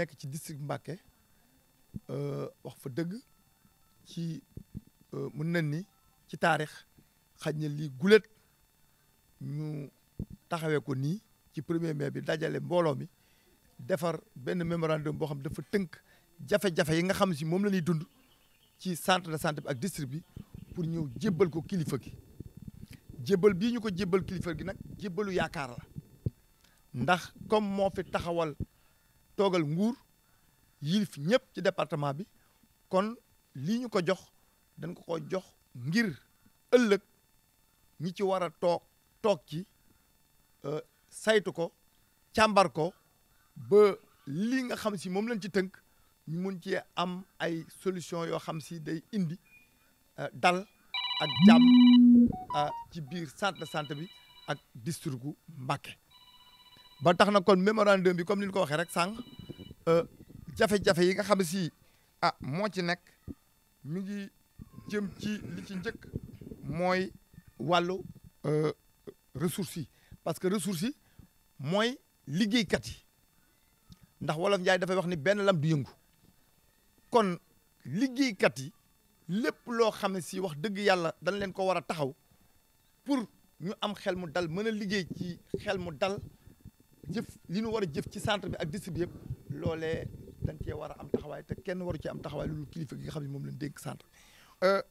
nekk ci district Mbacké euh, wax fa dëgg ci euh, mën nañ ni ci taarix xaj na lii gulet ñu taxawee ko nii ci premier mais bi dajale mbooloo mi defar benn mémorandum boo xam dafa tënk jafe-jafe yi nga xam si moom la ñuy dund ci centre de santé bi ak district bi pour ñëw jébbal ko kilifa gi jébbal bii ñu ko jébbal kilifa gi nag jébbalu yaakaar la ndax comme moo fi taxawal toogal nguur yilif ñëpp ci département bi kon lii ñu ko jox dañ ko ko jox ngir ëllëg ñi ci war a toog toog ci euh, saytu ko càmbar ko ba lii nga xam si moom lañ ci tënk ñu mun cee am ay solution yoo xam si day indi euh, dal ak jàmm euh, ci biir centre sant bi ak district gu ba tax na kon mémorandum bi comme ni nu ko waxee rek sànq euh, jafe-jafe yi nga xam si a ah, moo ci nekk mi ngi jëm ci li ci njëkk mooy wàllu euh, ressources yi parce que ressources yi mooy liggéeykat yi ndax wolof Njaay dafay wax ni benn lam du yëngu kon liggéeykat yi lépp loo xam ne si wax dëgg yàlla dañ leen ko war a taxaw pour ñu am xel mu dal mën a liggéey ci xel mu dal jëf li ñu war a jëf ci centre bi ak district bi yëpp loolee dañ cee war a am taxawaay te kenn waru ci am taxawaay loolu kilifa gi nga xam ne moom lañ dénk centre euh,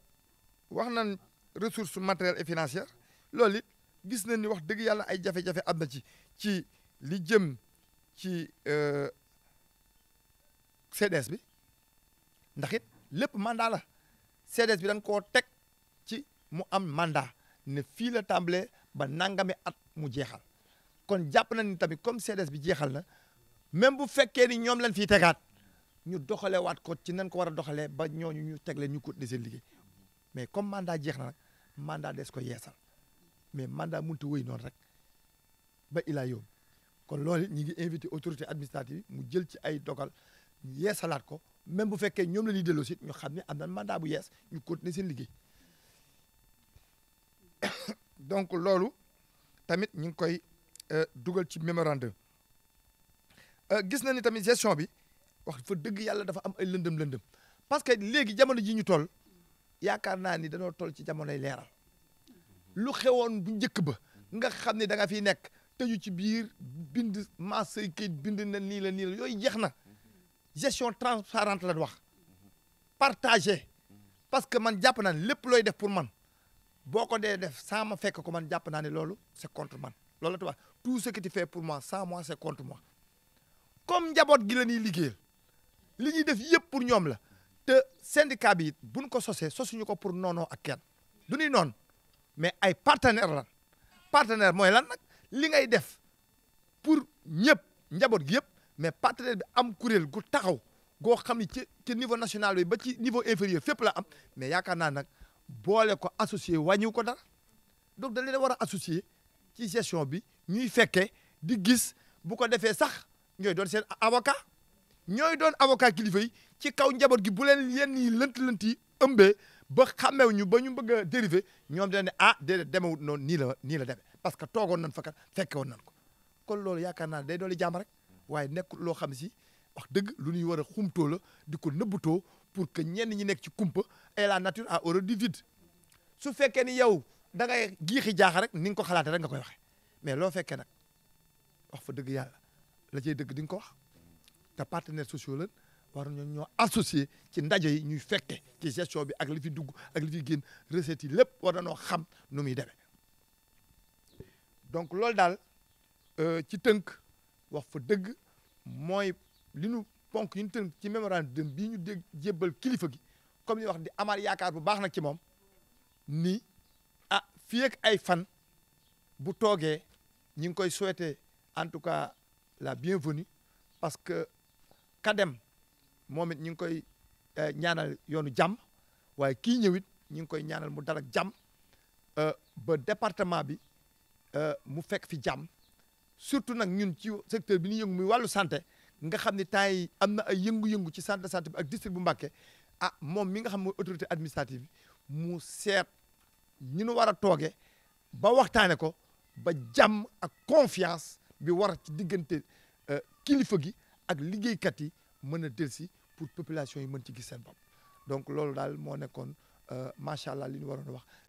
wax nañ ressource matériel et financière loolu it gis nañ ni wax dëgg yàlla ay jafe-jafe am na ci ci li jëm ci sedes euh, bi ndax it lépp mandat la CDS bi dañ koo teg ci mu am mandaa ne fii la tàmbalee ba nangami at mu jeexal kon jàpp nañ ni tamit comme CDS bi jeexal na même bu fekkee ni ñoom lañ fiy tegaat ñu doxale waat ko ci nañ ko war a doxalee ba ñooñu ñu teg leen ñu ko seen liggéey mais comme mandat jeex na nag des ko yeesal mais mandat mënut a noonu rek ba ilaa kon loolu ñu ngi invité autorité administrative mu jël ci ay dogal yeesalaat ko même bu fekkee ñoom la ñuy delloo si ñu xam ne am na mandat bu yees ñu continuer seen liggéey donc loolu tamit ñu ngi koy Euh, dugal ci mémorandum euh, gis na ni tamit gestion bi wax fa dëgg yàlla dafa am ay lëndëm lëndëm parce que léegi jamono ji ñu toll yaakaar naa ni dañoo toll ci jamonoy leeral lu xewoon bu njëkk ba nga xam ne danga fi nekk tëju ci biir bind maasay kayit bind na nii la nii la yooyu jeex na gestion transparente la wax partagé parce que man jàpp naa ne lépp looy def pour man boo ko dee def saa fekk ko man jàpp naa ne loolu c'est man loolu la tubaab tout ce que pour moi sans moi c'est contre comme njaboot gi la ñuy liggéeyal li ñuy def yëpp pour ñoom la te syndicat bi it buñ ko sosee sosuñu ko pour noonoo ak kenn du ñuy noonu mais ay partenaire lan partenaire mooy lan nag li ngay def pour ñëpp njaboot gi yëpp mais partenaire bi am kuréel gu taxaw goo xam ni ci ci niveau national bi ba ci niveau inférieur fépp la am mais yaakaar naa nag boole ko associé wàññiw ko dara donc dañ leen war a associé ci gestion bi ñuy fekkee di gis bu ko defee sax ñooy doon seen avocat ñooy doon avocat kilifa yi ci kaw njaboot gi bu leen yenn yi lënt-lënt yi ëmbee ba xamew ñu ba ñu bëgg a dérivé ñoom dina ne ah déedéet demewut noonu nii la nii la demee parce que toogoon nañ fa kat fekke woon nañ ko kon loolu yaakaar naa day doole jàmm rek waaye nekkul loo xam si wax dëgg lu ñuy war a xumtoo la di ko nëbbutoo pour que ñenn ñi nekk ci kumpa et la nature à horreur du vide su fekkee ni yow da ngay giixi jaaxa rek ni nga ko xalaatee rek nga koy waxee mais loo fekkee nag wax fa dëgg yàlla la cay dëgg di nga ko wax te partenaires sociaux la war ñoo ñoo associé ci ndaje yi ñuy fekkee ci gestion bi ak li fi dugg ak li fi génn recettes yi lépp war nañoo xam nu muy demee donc loolu daal euh, ci tënk wax fa dëgg mooy li ñu ponk yi tënk ci mémorandum bii ñu dégg jébbal kilifa gi comme ni wax di amaat yaakaar bu baax nag ci moom nii fii ay fan bu toogee ñi ngi koy souhaiter en tout cas la bienvenue parce que kadem moom it ñi ngi koy euh, ñaanal yoonu jàmm waaye kii ñëw it ñi ngi koy ñaanal mu dalak ak jàmm euh, ba département bi euh, mu fekk fi jàmm surtout nag ñun ci secteur bi ñu yëngu muy wàllu santé nga xam ni temps yi am na ay yëngu-yëngu ci centre de santé bi ak district bu Mbacké ah moom mi nga xam mooy autorité administrative bi mu seet ñu war a tooge ba waxtaane ko ba jàmm ak confiance bi war a ci diggante euh, kilifa gi ak liggéeykat yi mën a delsi pour population yi mën ci gis seen bopp donc loolu daal moo nekkoon euh, macha allah li ñu waroon wax